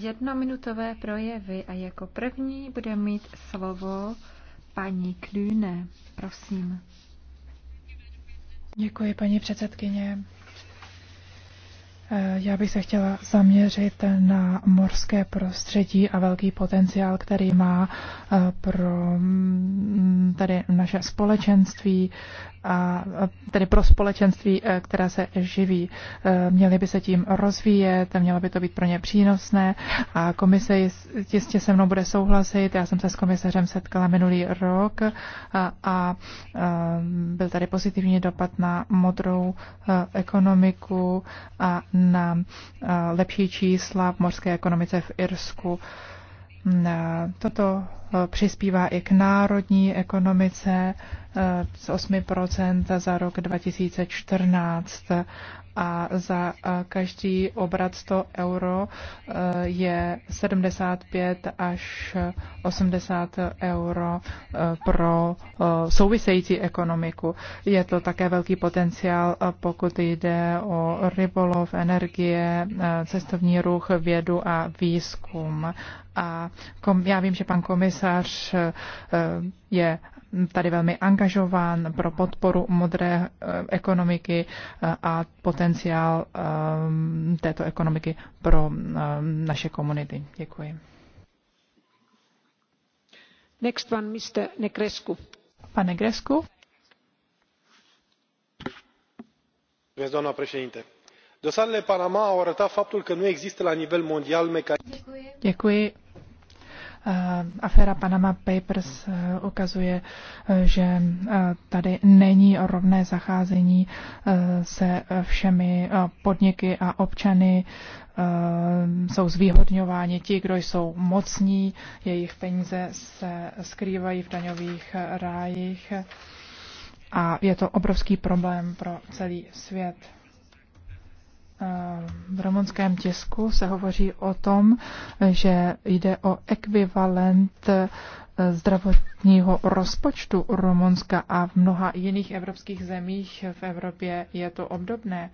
jednominutové projevy a jako první bude mít slovo paní Klüne. Prosím. Děkuji, paní předsedkyně. Eh, já bych se chtěla zaměřit na morské prostředí a velký potenciál, který má eh, pro mm, tady naše společenství a eh, tedy pro společenství, která se živí. Měly by se tím rozvíjet, mělo by to být pro ně přínosné a komise jistě se mnou bude souhlasit. Já jsem se s komisařem setkala minulý rok a, a byl tady pozitivní dopad na modrou ekonomiku a na eh, lepší čísla v morské ekonomice v Irsku. Toto eh, přispívá i k národní ekonomice eh, z 8% za rok 2014 a za každý obrat 100 euro eh, je 75 až 80 euro eh, pro eh, související ekonomiku. Je to také velký potenciál, pokud jde o rybolov, energie, cestovní ruch, vědu a výzkum. A kom, já vím, že pan komisař je tady velmi angažován pro podporu modré eh, ekonomiky eh, a potenciál eh, této ekonomiky pro naše komunity. Děkuji. Next one, Mr. Negrescu. Pane Grescu. doamnă președintă dosarele panama au arătat faptul că nu există la nivel mondial mecanisme Eh, aféra Panama Papers eh, ukazuje, eh, že tady není rovné zacházení se všemi podniky a občany. Jsou zvýhodňováni ti, kdo jsou mocní, jejich peníze se skrývají v daňových rájích a je to obrovský problém pro celý svět. Eh, v romanském tisku se hovoří o tom, že jde o ekvivalent eh, zdravotního rozpočtu Rumunska a v mnoha jiných evropských zemích v Evropě je to obdobné.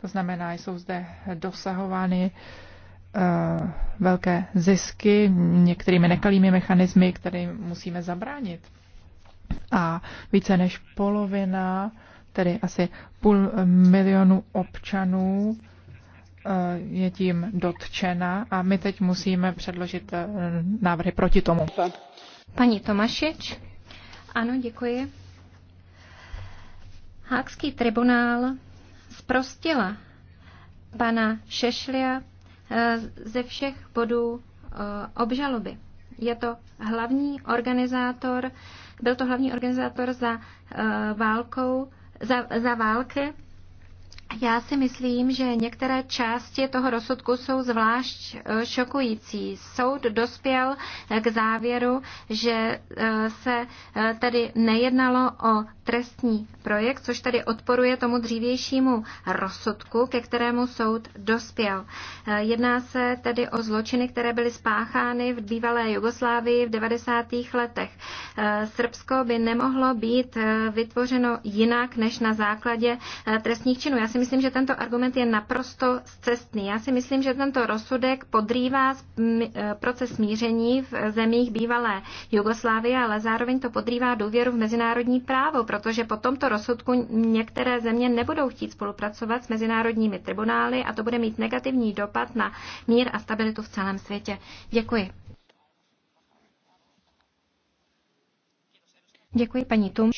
To znamená, jsou zde dosahovány eh, velké zisky některými nekalými mechanismy, které musíme zabránit. A více než polovina tedy asi půl milionu občanů eh, je tím dotčena a my teď musíme předložit eh, návrhy proti tomu. Paní Tomašič. Ano, děkuji. Hákský tribunál zprostila pana Šešlia eh, ze všech bodů obžaloby. Je to hlavní organizátor, byl to hlavní organizátor za válkou za, za války já si myslím, že některé části toho rozsudku jsou zvlášť eh, šokující. Soud dospěl eh, k závěru, že eh, se tedy nejednalo o trestní projekt, což tedy odporuje tomu dřívějšímu rozsudku, ke kterému soud dospěl. Jedná se tedy o zločiny, které byly spáchány v bývalé Jugoslávii v 90. letech. Srbsko by nemohlo být vytvořeno jinak než na základě trestních činů. Já si myslím, že tento argument je naprosto cestný. Já si myslím, že tento rozsudek podrývá eh, proces smíření v zemích bývalé Jugoslávie, ale zároveň to podrývá důvěru v mezinárodní právo, protože po tomto rozsudku některé země nebudou chtít spolupracovat s mezinárodními tribunály a to bude mít negativní dopad na mír a stabilitu v celém světě. Děkuji. Děkuji paní Tum.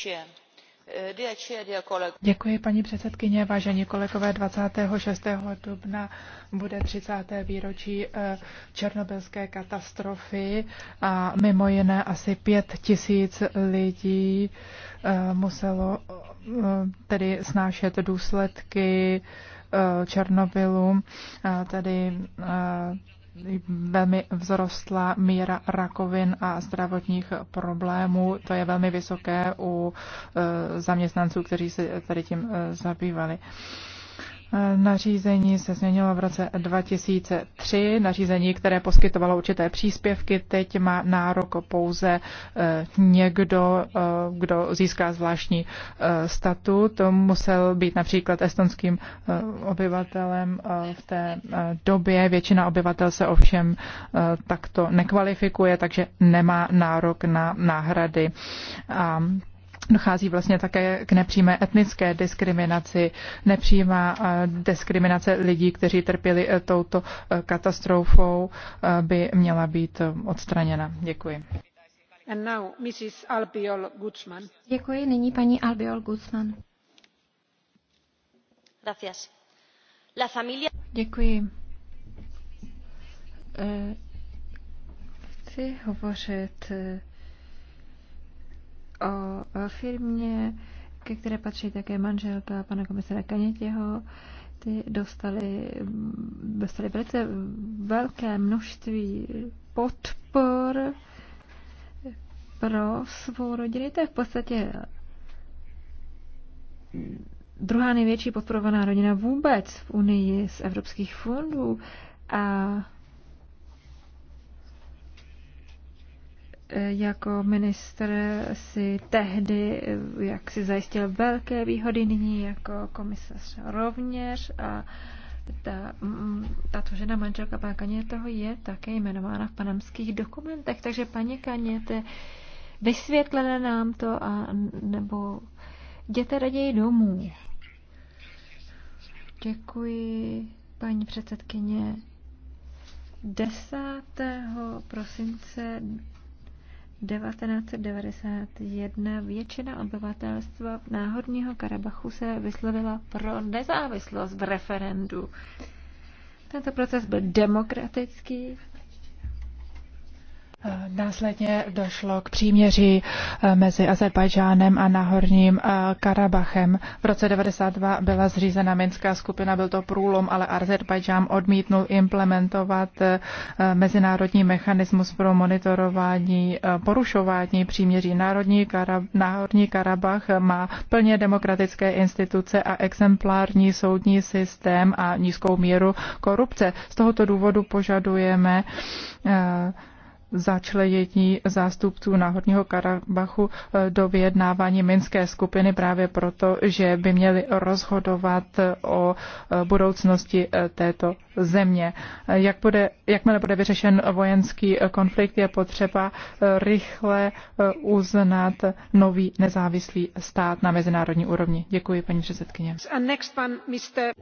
Děkuji, paní předsedkyně. Vážení kolegové, 26. dubna bude 30. výročí eh, černobylské katastrofy a mimo jiné asi pět tisíc lidí eh, muselo eh, tedy snášet důsledky Černobylu. Tady velmi vzrostla míra rakovin a zdravotních problémů. To je velmi vysoké u e, zaměstnanců, kteří se tady tím e, zabývali. Nařízení se změnilo v roce 2003. Nařízení, které poskytovalo určité příspěvky, teď má nárok pouze eh, někdo, eh, kdo získá zvláštní eh, statut. Musel být například estonským obyvatelem v té době. Většina obyvatel se ovšem takto nekvalifikuje, takže nemá nárok na náhrady. A Dochází vlastně také k nepřímé etnické diskriminaci, nepřímá eh, diskriminace lidí, kteří trpěli eh, touto eh, katastrofou, by měla být odstraněna. Děkuji. And now, Mrs. Albiol Guzman. Děkuji. Nyní paní Albiol Guzman. Gracias. La familia... Děkuji. Chci hovořit o firmě, ke které patří také manželka pana komisara Kanětěho. Ty dostali, dostali velice velké množství podpor pro svou rodinu. To je v podstatě druhá největší podporovaná rodina vůbec v Unii z evropských fondů. A jako ministr si tehdy, eh, jak si zajistil velké výhody, nyní jako komisař rovněž a ta, mm, tato žena manželka pana toho je také jmenována v panamských dokumentech, takže paní Kaněte, vysvětlené nám to a nebo jděte raději domů. Děkuji, paní předsedkyně. 10. prosince 1991 většina obyvatelstva náhodního Karabachu se vyslovila pro nezávislost v referendu. Tento proces byl demokratický Eh, následně došlo k příměří eh, mezi Azerbajdžánem a Nahorním eh, Karabachem. V roce 1992 byla zřízena Minská skupina, byl to průlom, ale Azerbajdžán odmítnul implementovat mezinárodní mechanismus pro monitorování porušování příměří. Národní Karab- Nahorní Karabach má plně demokratické instituce a exemplární soudní systém a nízkou míru korupce. Z tohoto důvodu požadujeme začlenění zástupců Náhodního Karabachu eh, do vyjednávání Minské skupiny právě proto, že by měli rozhodovat eh, o eh, budoucnosti této země. Jak bude, jakmile bude vyřešen vojenský konflikt, je potřeba rychle uznat nový nezávislý stát na mezinárodní úrovni. Děkuji, paní předsedkyně.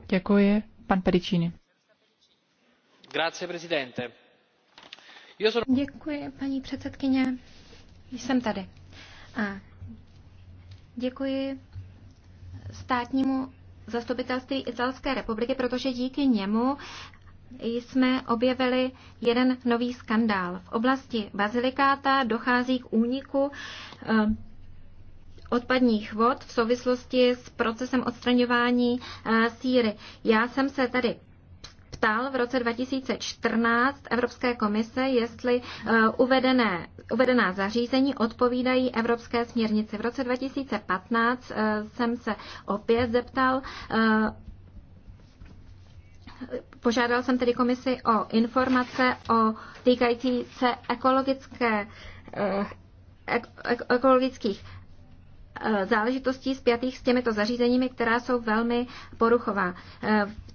Děkuji, pan Pedicini. Grazie, presidente Děkuji, paní předsedkyně. Jsem tady. A děkuji státnímu zastupitelství Italské republiky, protože díky němu jsme objevili jeden nový skandál. V oblasti bazilikáta dochází k úniku eh, odpadních vod v souvislosti s procesem odstraňování eh, síry. Já jsem se tady ptal v roce 2014 Evropské komise, jestli eh, uvedené, uvedená zařízení odpovídají Evropské směrnici. V roce 2015 eh, jsem se opět zeptal eh, Požádal jsem tedy komisi o informace o týkající se ekologické, ek, ek, ekologických záležitostí spjatých s těmito zařízeními, která jsou velmi poruchová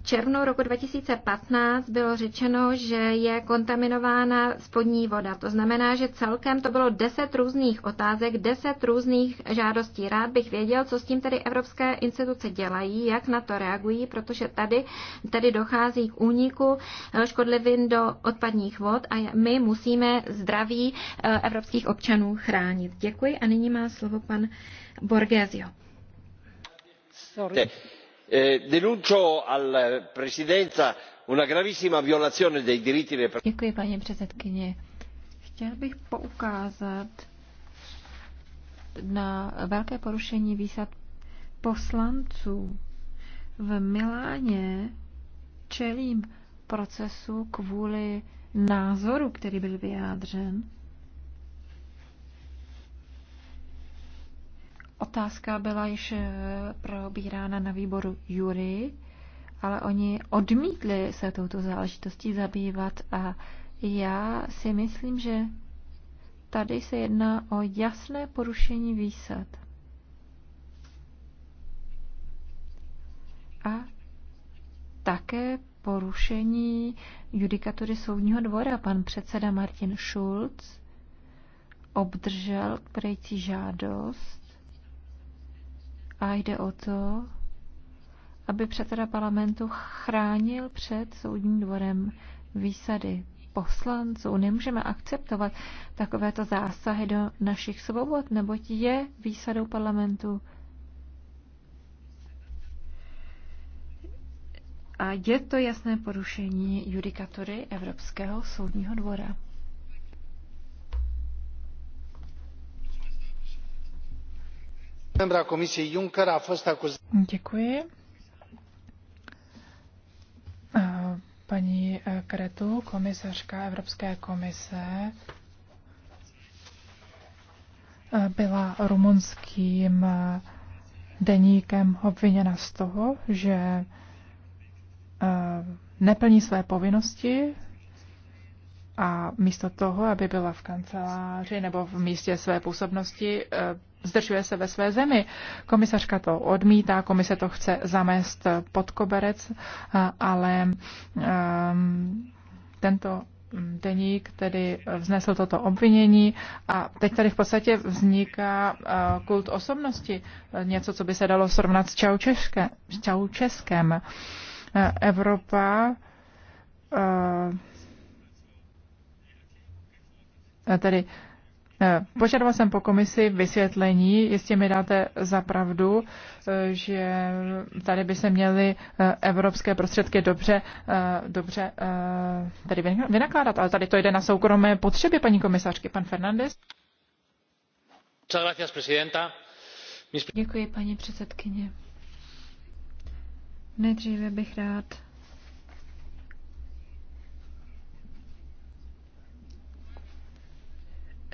červnu roku 2015 bylo řečeno, že je kontaminována spodní voda. To znamená, že celkem to bylo deset různých otázek, deset různých žádostí. Rád bych věděl, co s tím tedy evropské instituce dělají, jak na to reagují, protože tady, tady dochází k úniku eh, škodlivin do odpadních vod a my musíme zdraví eh, evropských občanů chránit. Děkuji a nyní má slovo pan Borgesio. Sorry. Eh, denuncio alla eh, presidenza una gravissima violazione dei diritti Děkuji, paní předsedkyně. Chtěl bych poukázat na velké porušení výsad poslanců. V Miláně čelím procesu kvůli názoru, který byl vyjádřen otázka byla již eh, probírána na výboru jury, ale oni odmítli se touto záležitostí zabývat a já si myslím, že tady se jedná o jasné porušení výsad. A také porušení judikatury soudního dvora. Pan předseda Martin Schulz obdržel prející žádost a jde o to, aby předseda parlamentu chránil před soudním dvorem výsady poslanců. Nemůžeme akceptovat takovéto zásahy do našich svobod, neboť je výsadou parlamentu a je to jasné porušení judikatury Evropského soudního dvora. Děkuji. Paní creu e, komisařka Evropské komise, e, byla rumunským e, deníkem obviněna z toho, že neplní své povinnosti a místo toho, aby byla v kanceláři nebo v místě své působnosti, zdržuje se ve své zemi. Komisařka to odmítá, komise to chce zamést pod koberec, eh, ale ehm, tento mm, deník tedy vznesl toto obvinění a teď tady v podstatě vzniká eh, kult osobnosti, eh, něco, co by se dalo srovnat s Čaučeške, s Čaučeskem. Evropa tedy Eh, požadoval jsem po komisi vysvětlení, jestli mi dáte za pravdu, eh, že tady by se měly eh, evropské prostředky dobře, dobře tady vynakládat, ale tady to jde na soukromé potřeby, paní komisařky. Pan Fernandez. Děkuji, paní předsedkyně. Nejdříve bych rád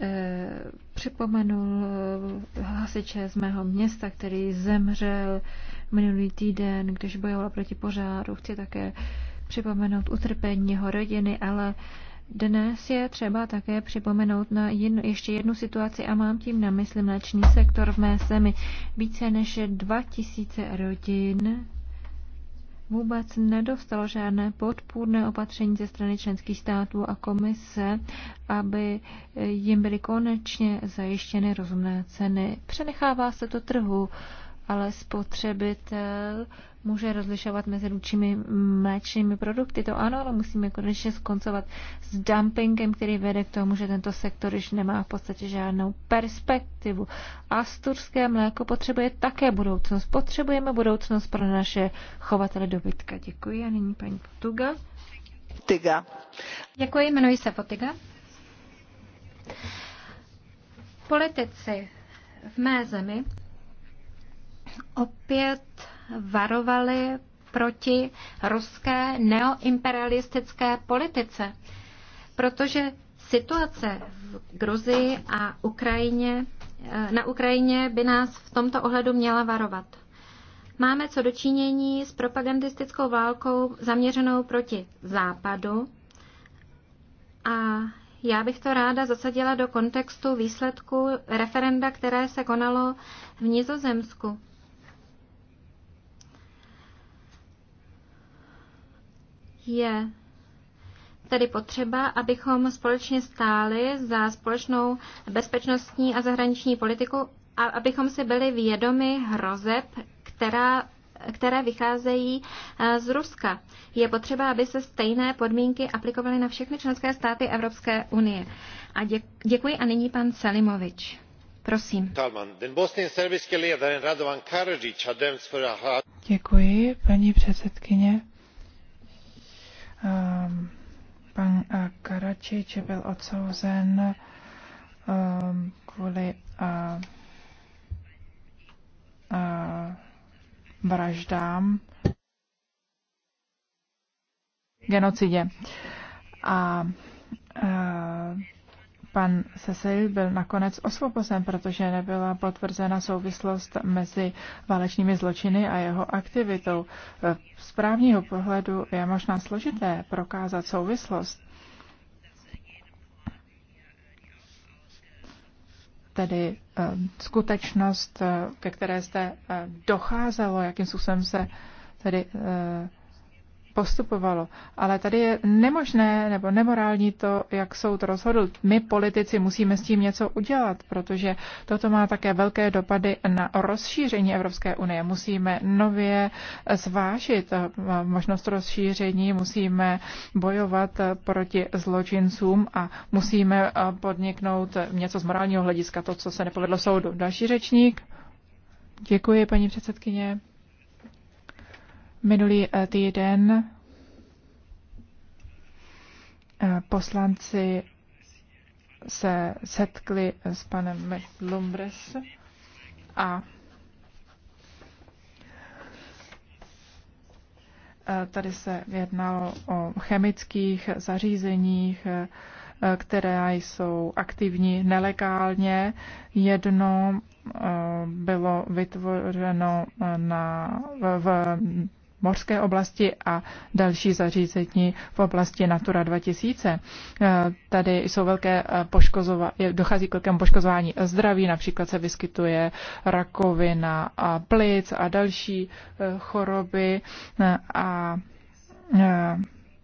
Eh, připomenul eh, hasiče z mého města, který zemřel minulý týden, když bojoval proti požáru. Chci také připomenout utrpení jeho rodiny, ale dnes je třeba také připomenout na jin, ještě jednu situaci a mám tím na mysli mléčný sektor v mé zemi. Více než 2000 rodin vůbec nedostalo žádné podpůrné opatření ze strany členských států a komise, aby jim byly konečně zajištěny rozumné ceny. Přenechává se to trhu ale spotřebitel může rozlišovat mezi ručími mléčnými produkty. To ano, ale musíme konečně skoncovat s dumpingem, který vede k tomu, že tento sektor již nemá v podstatě žádnou perspektivu. Asturské mléko potřebuje také budoucnost. Potřebujeme budoucnost pro naše chovatele dobytka. Děkuji a nyní paní Potuga. Tyga. Děkuji, jmenuji se Potiga. Politici v mé zemi opět varovali proti ruské neoimperialistické politice, protože situace v Gruzii a Ukrajině, eh, na Ukrajině by nás v tomto ohledu měla varovat. Máme co dočinění s propagandistickou válkou zaměřenou proti Západu a já bych to ráda zasadila do kontextu výsledku referenda, které se konalo v Nizozemsku. je tedy potřeba, abychom společně stáli za společnou bezpečnostní a zahraniční politiku a abychom si byli vědomi hrozeb, která které vycházejí eh, z Ruska. Je potřeba, aby se stejné podmínky aplikovaly na všechny členské státy Evropské unie. A děkuji a nyní pan Selimovič. Prosím. Děkuji, paní předsedkyně. Ehm, pan eh, Karačič byl odsouzen ehm, kvůli eh, eh, vraždám, genocidě. A Pan Cecil byl nakonec osvobozen, protože nebyla potvrzena souvislost mezi válečnými zločiny a jeho aktivitou. Z právního pohledu je možná složité prokázat souvislost. Tedy eh, skutečnost, eh, ke které jste eh, docházelo, jakým způsobem se tedy postupovalo. Ale tady je nemožné nebo nemorální to, jak soud rozhodl. My, politici, musíme s tím něco udělat, protože toto má také velké dopady na rozšíření Evropské unie. Musíme nově zvážit eh, možnost rozšíření, musíme bojovat eh, proti zločincům a musíme eh, podniknout něco z morálního hlediska, to, co se nepovedlo soudu. Další řečník. Děkuji, paní předsedkyně. Minulý eh, týden eh, poslanci se setkli s panem Lumbres a eh, Tady se jednalo o chemických zařízeních, které jsou aktivní nelegálně. Jedno bylo vytvořeno na, v mořské oblasti a další zařízení v oblasti Natura 2000. Eh, tady jsou velké eh, poškozova, dochází k velkému poškozování zdraví, například se vyskytuje rakovina a plic a další eh, choroby a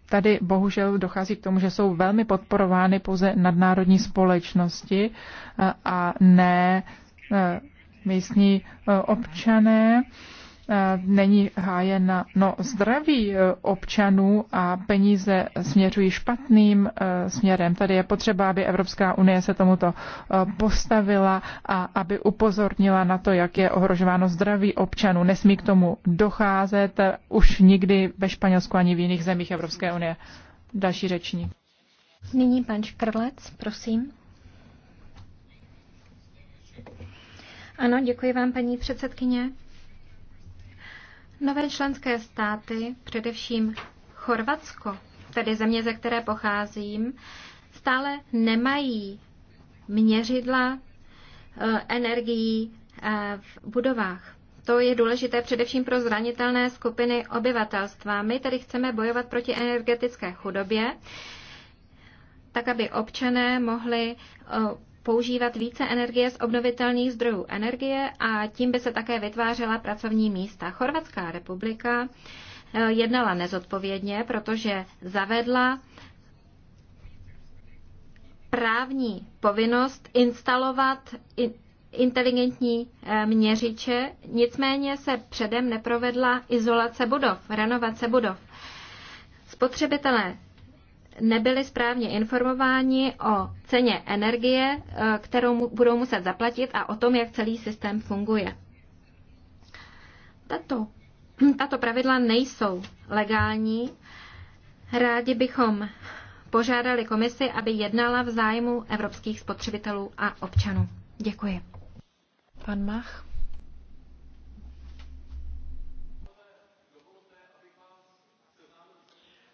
Tady bohužel dochází k tomu, že jsou velmi podporovány pouze nadnárodní společnosti a ne místní občané. Eh, není hájena no, zdraví eh, občanů a peníze směřují špatným eh, směrem. Tady je potřeba, aby Evropská unie se tomuto postavila a aby upozornila na to, jak je ohrožováno zdraví občanů. Nesmí k tomu docházet už nikdy ve Španělsku ani v jiných zemích Evropské unie. Další řečník. Nyní pan Škrlec, prosím. Ano, děkuji vám, paní předsedkyně. Nové členské státy, především Chorvatsko, tedy země, ze které pocházím, stále nemají měřidla eh, energií eh, v budovách. To je důležité především pro zranitelné skupiny obyvatelstva. My tedy chceme bojovat proti energetické chudobě, tak aby občané mohli eh, používat více energie z obnovitelných zdrojů energie a tím by se také vytvářela pracovní místa. Chorvatská republika eh, jednala nezodpovědně, protože zavedla právní povinnost instalovat inteligentní eh, měřiče, nicméně se předem neprovedla izolace budov, renovace budov. Spotřebitelé nebyli správně informováni o ceně energie, e, kterou budou muset zaplatit a o tom, jak celý systém funguje. Tato, tato pravidla nejsou legální. Rádi bychom požádali komisi, aby jednala v zájmu evropských spotřebitelů a občanů. Děkuji. Pan Mach.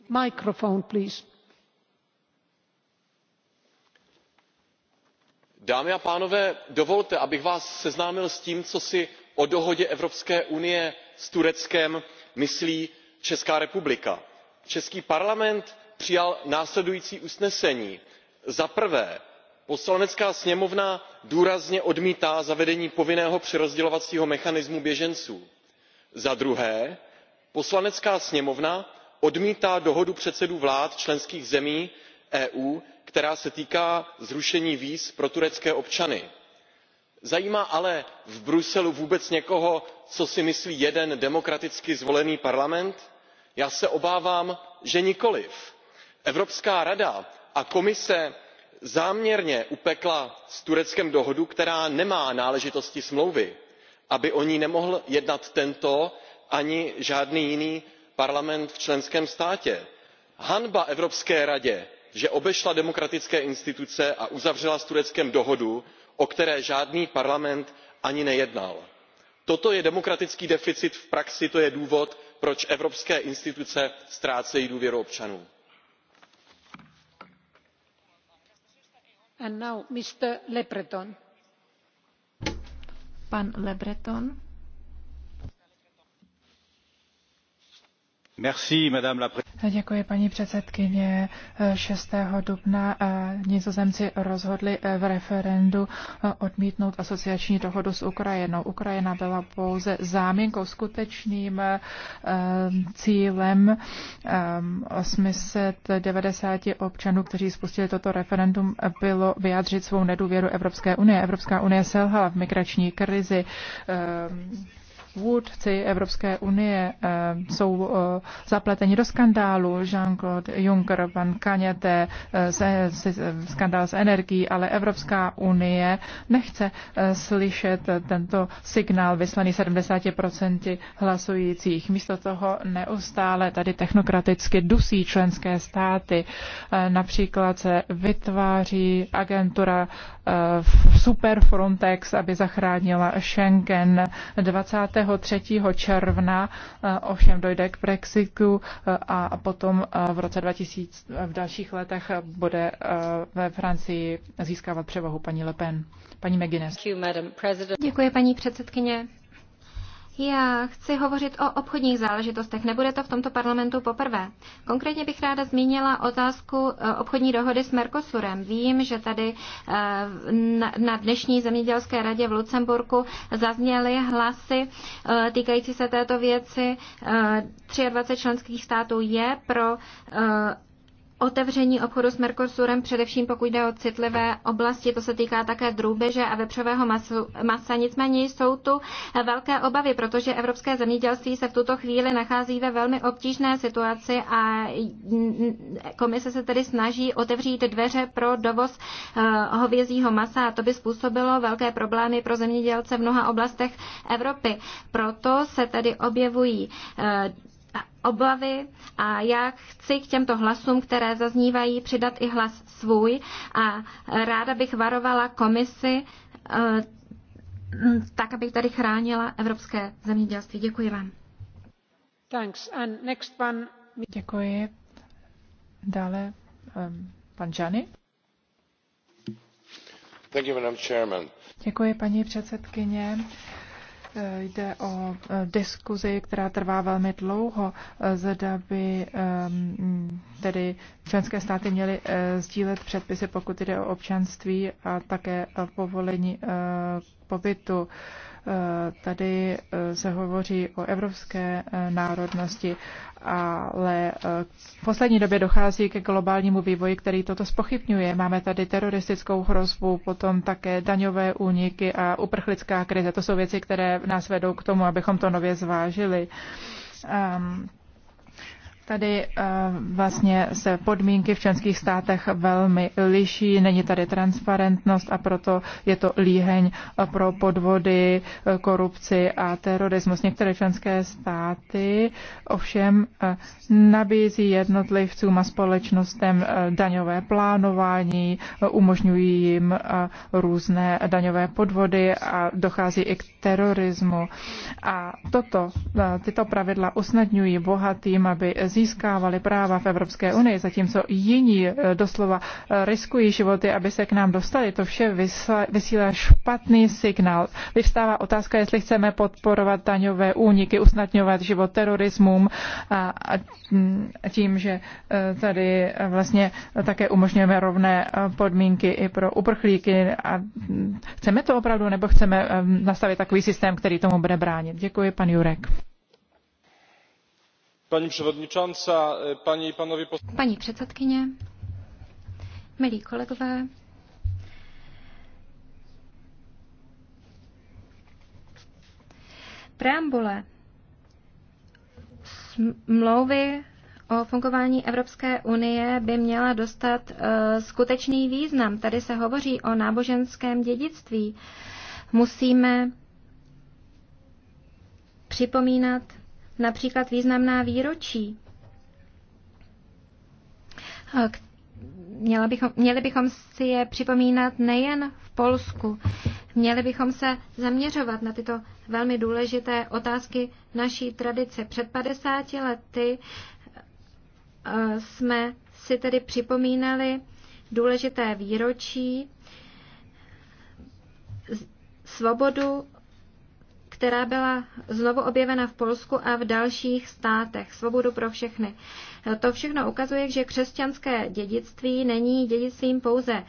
Microphone, please dámy a pánové dovolte abych vás seznámil s tím co si o dohodě evropské unie s tureckem myslí česká republika. český parlament přijal následující usnesení za prvé poslanecká sněmovna důrazně odmítá zavedení povinného přerozdělovacího mechanismu běženců. za druhé poslanecká sněmovna odmítá dohodu předsedů vlád členských zemí eu která se týká zrušení víz pro turecké občany. zajímá ale v bruselu vůbec někoho co si myslí jeden demokraticky zvolený parlament? já se obávám že nikoliv. evropská rada a komise záměrně upekla s tureckem dohodu která nemá náležitosti smlouvy aby o ní nemohl jednat tento ani žádný jiný parlament v členském státě. hanba evropské radě že obešla demokratické instituce a uzavřela s tureckem dohodu o které žádný parlament ani nejednal. toto je demokratický deficit v praxi to je důvod proč evropské instituce ztrácejí důvěru občanů. Děkuji, paní předsedkyně. 6. dubna eh, nizozemci rozhodli eh, v referendu eh, odmítnout asociační dohodu s Ukrajinou. Ukrajina byla pouze záminkou skutečným cílem 890 občanů, kteří spustili toto referendum, bylo vyjádřit svou nedůvěru Evropské unie. Evropská unie selhala v migrační krizi vůdci Evropské unie eh, jsou eh, zapleteni do skandálu. Jean-Claude Juncker, pan Kaněte, eh, skandál s energií, ale Evropská unie nechce slyšet tento signál vyslaný 70% hlasujících. Místo toho neustále tady technokraticky dusí členské státy. Například se vytváří agentura Super Frontex, aby zachránila Schengen 20. 23. června eh, ovšem dojde k Brexitu eh, a potom eh, v roce 2000, v dalších letech bude ve Francii získávat převahu paní Le Pen. Paní McGuinness. Děkuji, paní předsedkyně. Já chci hovořit o obchodních záležitostech. Nebude to v tomto parlamentu poprvé. Konkrétně bych ráda zmínila otázku e, obchodní dohody s Mercosurem. Vím, že tady e, na dnešní zemědělské radě v Lucemburku zazněly hlasy e, týkající se této věci. 23 členských států je pro otevření obchodu s Mercosurem, především pokud jde o citlivé oblasti, to se týká také drůbeže a vepřového masu, masa. Nicméně jsou tu velké obavy, protože evropské zemědělství se v tuto chvíli nachází ve velmi obtížné situaci a komise se tedy snaží otevřít dveře pro dovoz eh, hovězího masa a to by způsobilo velké problémy pro zemědělce v mnoha oblastech Evropy. Proto se tedy objevují eh, obavy a já chci k těmto hlasům, které zaznívají, přidat i hlas svůj a ráda bych varovala komisi eh, tak, abych tady chránila evropské zemědělství. Děkuji vám. Thanks. And next one... Děkuji. Dále um, pan Gianni. Thank you, Madam Chairman. Děkuji, paní předsedkyně. Jde o e, diskuzi, která trvá velmi dlouho, e, zda by tedy členské státy měly e, sdílet předpisy, pokud jde o občanství a také povolení pobytu. Tady eh, se hovoří o evropské eh, národnosti, ale eh, v poslední době dochází ke globálnímu vývoji, který toto spochybňuje. Máme tady teroristickou hrozbu, potom také daňové úniky a uprchlická krize. To jsou věci, které nás vedou k tomu, abychom to nově zvážili. Um, Tady eh, vlastně se podmínky v členských státech velmi liší, není tady transparentnost a proto je to líheň pro podvody, eh, korupci a terorismus. Některé členské státy ovšem eh, nabízí jednotlivcům a společnostem daňové plánování, umožňují jim různé daňové podvody a dochází i k terorismu. A toto, tyto pravidla usnadňují bohatým, aby získávali práva v Evropské unii, zatímco jiní eh, doslova eh, riskují životy, aby se k nám dostali. To vše vysílá špatný signál. Vyvstává otázka, jestli chceme podporovat daňové úniky, usnadňovat život terorismům a, a tím, že eh, tady vlastně také umožňujeme rovné podmínky i pro uprchlíky. A hm, chceme to opravdu, nebo chceme nastavit takový systém, který tomu bude bránit? Děkuji, pan Jurek. Paní předsedkyně, paní, předsedkyně, milí kolegové, preambule smlouvy o fungování Evropské unie by měla dostat e, skutečný význam. Tady se hovoří o náboženském dědictví. Musíme připomínat například významná výročí. Měla bychom, měli bychom si je připomínat nejen v Polsku. Měli bychom se zaměřovat na tyto velmi důležité otázky naší tradice. Před 50 lety e, jsme si tedy připomínali důležité výročí, svobodu která byla znovu objevena v Polsku a v dalších státech. Svobodu pro všechny. To všechno ukazuje, že křesťanské dědictví není dědictvím pouze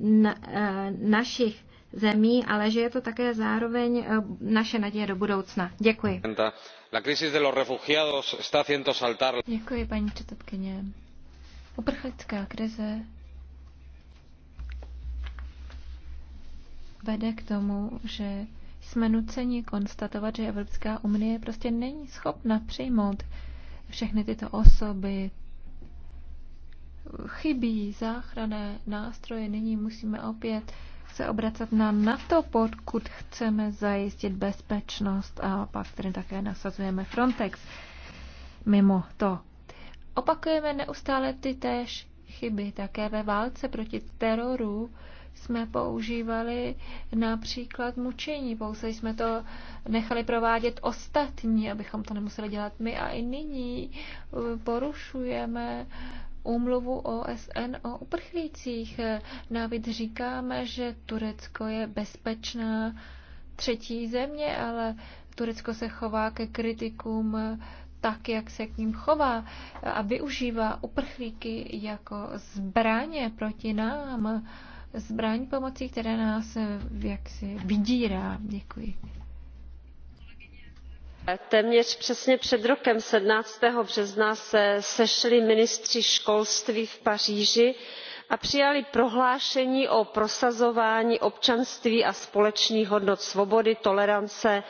na, e, našich zemí, ale že je to také zároveň e, naše naděje do budoucna. Děkuji. Děkuji, paní předsedkyně. Uprchlická krize vede k tomu, že jsme nuceni konstatovat, že Evropská unie prostě není schopna přijmout všechny tyto osoby. Chybí záchranné nástroje, nyní musíme opět se obracet na NATO, pokud chceme zajistit bezpečnost a pak tedy také nasazujeme Frontex mimo to. Opakujeme neustále ty též chyby také ve válce proti teroru, jsme používali například mučení, pouze jsme to nechali provádět ostatní, abychom to nemuseli dělat my. A i nyní uh, porušujeme úmluvu OSN o uprchlících. Navíc říkáme, že Turecko je bezpečná třetí země, ale Turecko se chová ke kritikům tak, jak se k ním chová a využívá uprchlíky jako zbraně proti nám zbraň pomocí, které nás eh, jaksi vydírá. Děkuji. Téměř přesně před rokem 17. března se sešli ministři školství v Paříži a přijali prohlášení o prosazování občanství a společných hodnot svobody tolerance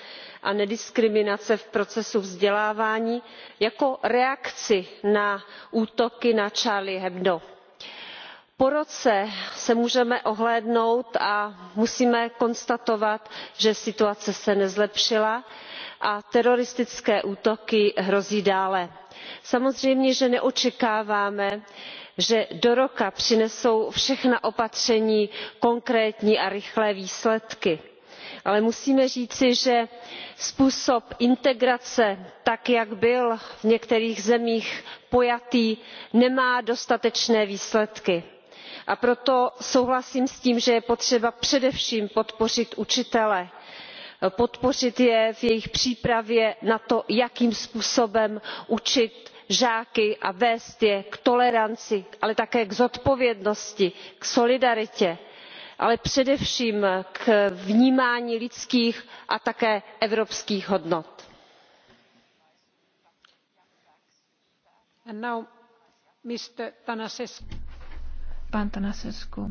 a nediskriminace v procesu vzdělávání jako reakci na útoky na charlie hebdo po roce se můžeme ohlédnout a musíme konstatovat že situace se nezlepšila a teroristické útoky hrozí dále. samozřejmě že neočekáváme že do roka přinesou všechna opatření konkrétní a rychlé výsledky ale musíme říci že způsob integrace tak jak byl v některých zemích pojatý nemá dostatečné výsledky a proto souhlasím s tím že je potřeba především podpořit učitele podpořit je v jejich přípravě na to jakým způsobem učit žáky a vést je k toleranci ale také k zodpovědnosti k solidaritě ale především k vnímání lidských a také evropských hodnot. Pan Tanasescu.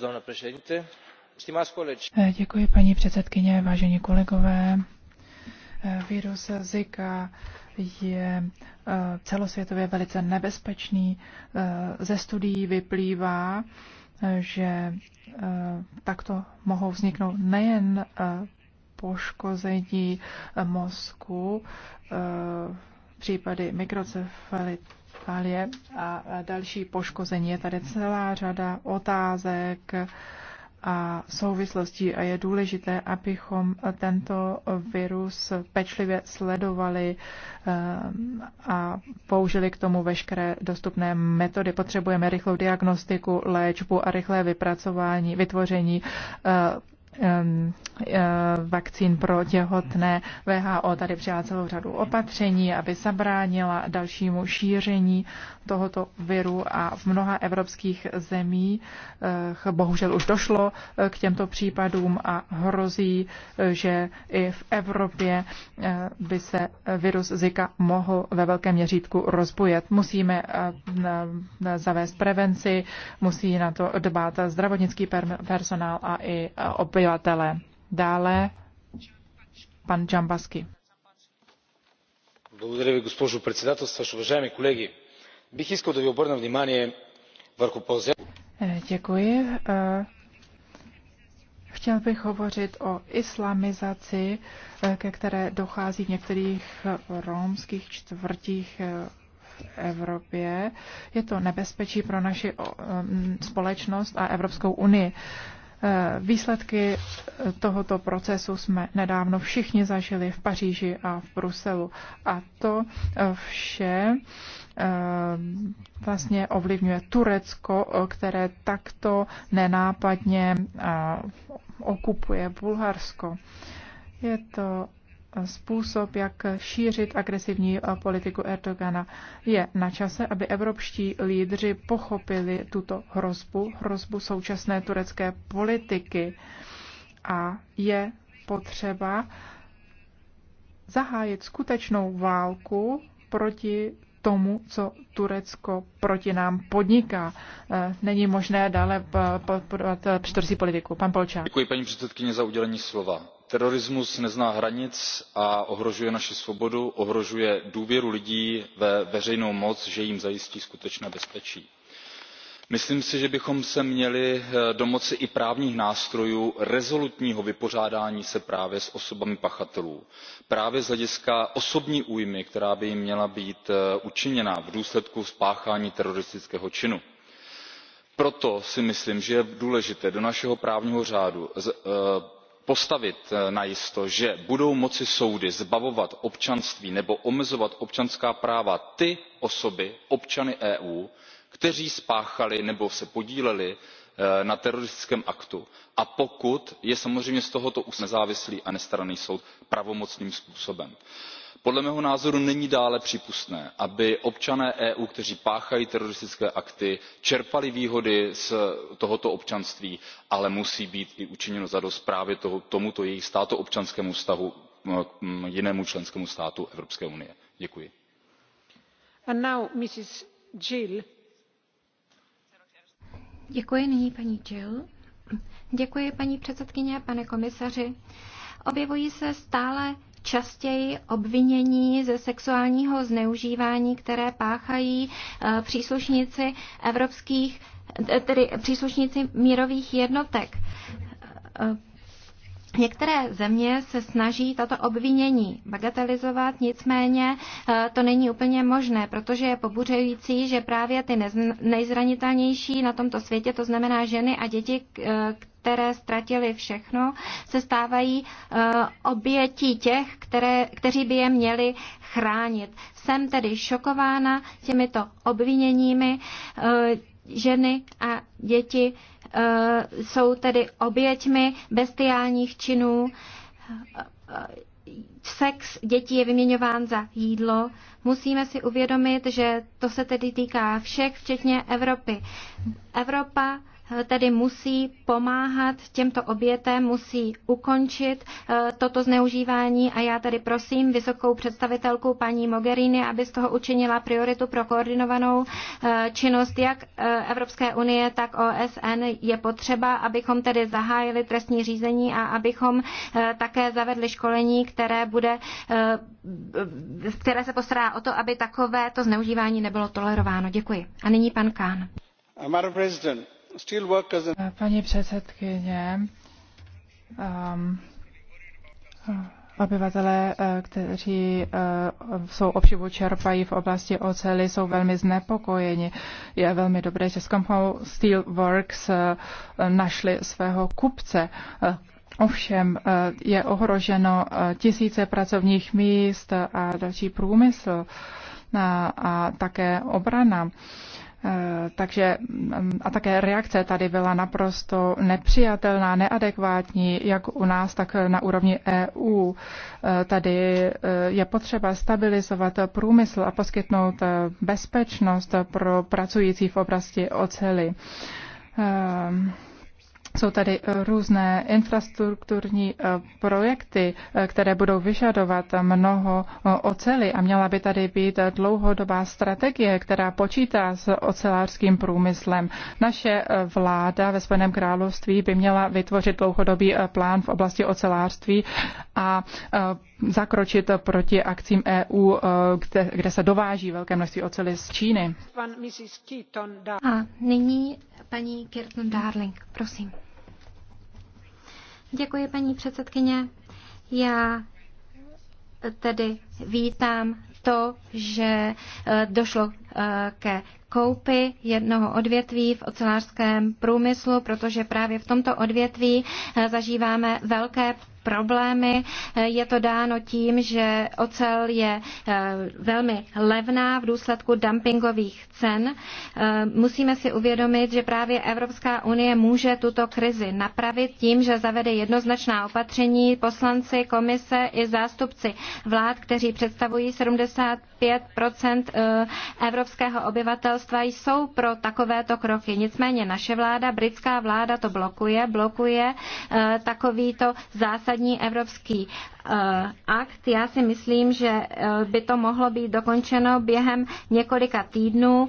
doamnă președinte stimați colegi eh, Děkuji paní předsedkyně, vážení kolegové. Eh, virus Zika je eh, celosvětově velice nebezpečný. Ze studií vyplývá, že takto mohou vzniknout nejen poškození mozku, případy mikrocefalie a další poškození. Je tady celá řada otázek a souvislostí a je důležité, abychom tento virus pečlivě sledovali eh, a použili k tomu veškeré dostupné metody. Potřebujeme rychlou diagnostiku, léčbu a rychlé vypracování, vytvoření eh, E, vakcín pro těhotné. VHO tady přijala celou řadu opatření, aby zabránila dalšímu šíření tohoto viru a v mnoha evropských zemích eh, bohužel už došlo eh, k těmto případům a hrozí, eh, že i v Evropě by se virus Zika mohl ve velkém měřítku rozbujet. Musíme zavést prevenci, musí na to dbát zdravotnický personál a i obyvatelé obyvatele. Dále pan Džambasky. Благодаря ви, госпожо председателстващ. Уважаеми колеги, бих искал да ви обърна внимание върху ползя... Děkuji. Chtěl bych hovořit o islamizaci, e, ke které dochází v některých e, romských čtvrtích e, v Evropě. Je to nebezpečí pro naši společnost a Evropskou unii. Eh, výsledky eh, tohoto procesu jsme nedávno všichni zažili v Paříži a v Bruselu. A to eh, vše vlastně ovlivňuje Turecko, které takto nenápadně okupuje Bulharsko. Je to způsob, jak šířit agresivní politiku Erdogana. Je na čase, aby evropští lídři pochopili tuto hrozbu, hrozbu současné turecké politiky. A je potřeba zahájit skutečnou válku proti tomu, co Turecko proti nám podniká. Není možné dále podporovat čtvrtí politiku. Pan Polčák. Děkuji paní předsedkyně za udělení slova terorismus nezná hranic a ohrožuje naši svobodu ohrožuje důvěru lidí ve veřejnou moc že jim zajistí skutečné bezpečí. myslím si že bychom se měli eh, domoci i právních nástrojů rezolutního vypořádání se právě s osobami pachatelů právě z hlediska osobní újmy která by jim měla být eh, učiněna v důsledku spáchání teroristického činu. proto si myslím že je důležité do našeho právního řádu eh, postavit eh, najisto že budou moci soudy zbavovat občanství nebo omezovat občanská práva ty osoby občany eu kteří spáchali nebo se podíleli eh, na teroristickém aktu a pokud je samozřejmě z tohoto usnesení nezávislý a nestranný soud pravomocným způsobem podle mého názoru není dále přípustné aby občané eu kteří páchají teroristické akty čerpali výhody z tohoto občanství ale musí být i učiněno zadost právě tomuto jejich státoobčanskému vztahu k mm, mm, jinému členskému státu evropské unie. děkuji. Děkuji, Děkuji, paní předsedkyně, pane komisaři. Objevují se stále častěji obvinění ze sexuálního zneužívání, které páchají eh, příslušníci evropských, eh, tedy příslušníci mírových jednotek. Eh, některé země se snaží tato obvinění bagatelizovat, nicméně to není úplně možné, protože je pobuřující, že právě ty nejzranitelnější na tomto světě, to znamená ženy a děti, které ztratili všechno, se stávají eh, obětí těch, které, kteří by je měli chránit. Jsem tedy šokována těmito obviněními. Eh, ženy a děti eh, jsou tedy oběťmi bestiálních činů sex dětí je vyměňován za jídlo. Musíme si uvědomit, že to se tedy týká všech, včetně Evropy. Evropa tedy musí pomáhat těmto obětem, musí ukončit eh, toto zneužívání a já tady prosím vysokou představitelku paní Mogherini, aby z toho učinila prioritu pro koordinovanou eh, činnost jak eh, Evropské unie, tak OSN. Je potřeba, abychom tedy zahájili trestní řízení a abychom také zavedli školení, které bude, které se postará o to, aby takovéto zneužívání nebylo tolerováno. Děkuji. A nyní pan Kán. Uh, Eh, paní předsedkyně, um, Obyvatelé, eh, kteří jsou obživu čerpají v oblasti oceli, jsou velmi znepokojeni. Je velmi dobré, že Scumhow Steelworks našli svého kupce. Ovšem je ohroženo tisíce pracovních míst a další průmysl a, a také obrana. Eh, takže mm, a také reakce tady byla naprosto nepřijatelná, neadekvátní, jak u nás, tak na úrovni EU. Eh, tady eh, je potřeba stabilizovat průmysl a poskytnout bezpečnost pro pracující v oblasti ocely. Jsou tady eh, různé infrastrukturní eh, projekty, eh, které budou vyžadovat mnoho ocely a měla by tady být dlouhodobá strategie, která počítá s ocelářským průmyslem. Naše vláda ve Spojeném království by měla vytvořit dlouhodobý plán v oblasti ocelářství a zakročit proti akcím EU, eh, kde, kde se dováží velké množství oceli z Číny. A nyní paní Kirton Darling, prosím. Děkuji, paní předsedkyně. Já tedy vítám to, že eh, došlo ke koupi jednoho odvětví v ocelářském průmyslu, protože právě v tomto odvětví eh, zažíváme velké problémy. Eh, je to dáno tím, že ocel je eh, velmi levná v důsledku dumpingových cen. Musíme si uvědomit, že právě Evropská unie může tuto krizi napravit tím, že zavede jednoznačná opatření. Poslanci, komise i zástupci vlád, kteří představují 75 evropských evropského obyvatelstva jsou pro takovéto kroky. Nicméně naše vláda, britská vláda to blokuje, blokuje eh, takovýto zásadní evropský eh, akt. Já si myslím, že eh, by to mohlo být dokončeno během několika týdnů.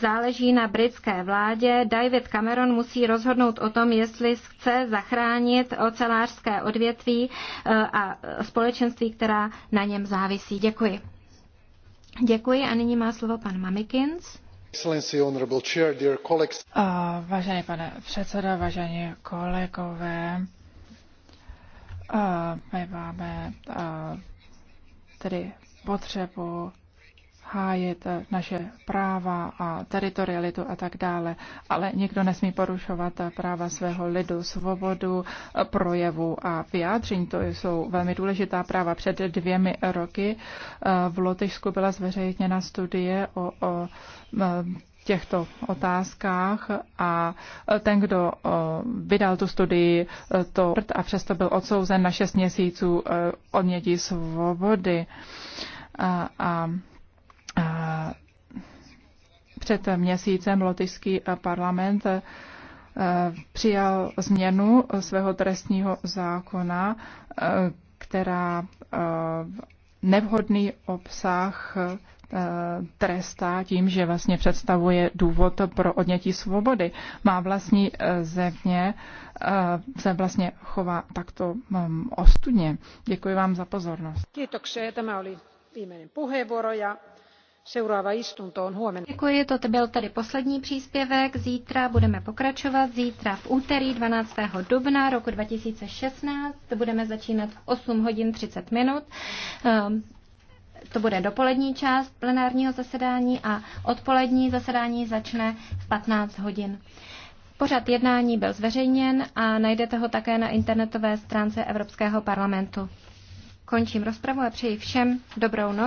Záleží na britské vládě. David Cameron musí rozhodnout o tom, jestli chce zachránit ocelářské odvětví a společenství, která na něm závisí. Děkuji. Děkuji a nyní má slovo pan Mamikins. Vážený pane předsedo, vážení kolegové, my máme tedy potřebu hájit eh, naše práva a teritorialitu a tak dále, ale nikdo nesmí porušovat eh, práva svého lidu, svobodu, eh, projevu a vyjádření. To jsou velmi důležitá práva. Před dvěmi roky v Lotyšsku byla zveřejněna studie o, o těchto otázkách a ten, kdo vydal tu studii, to a přesto byl odsouzen na šest měsíců odnětí svobody. A, a před měsícem lotyšský parlament e, přijal změnu svého trestního zákona, e, která e, nevhodný obsah trestá tím, že vlastně představuje důvod pro odnětí svobody. Má vlastní země se vlastně chová takto mm, ostudně. Děkuji vám za pozornost. Kiitoksia. to oli viimeinen Děkuji, to byl tedy poslední příspěvek. Zítra budeme pokračovat. Zítra v úterý 12. dubna roku 2016 budeme začínat v 8 hodin 30 minut. Ehm, to bude dopolední část plenárního zasedání a odpolední zasedání začne v 15 hodin. Pořad jednání byl zveřejněn a najdete ho také na internetové stránce Evropského parlamentu. Končím rozpravu a přeji všem dobrou noc.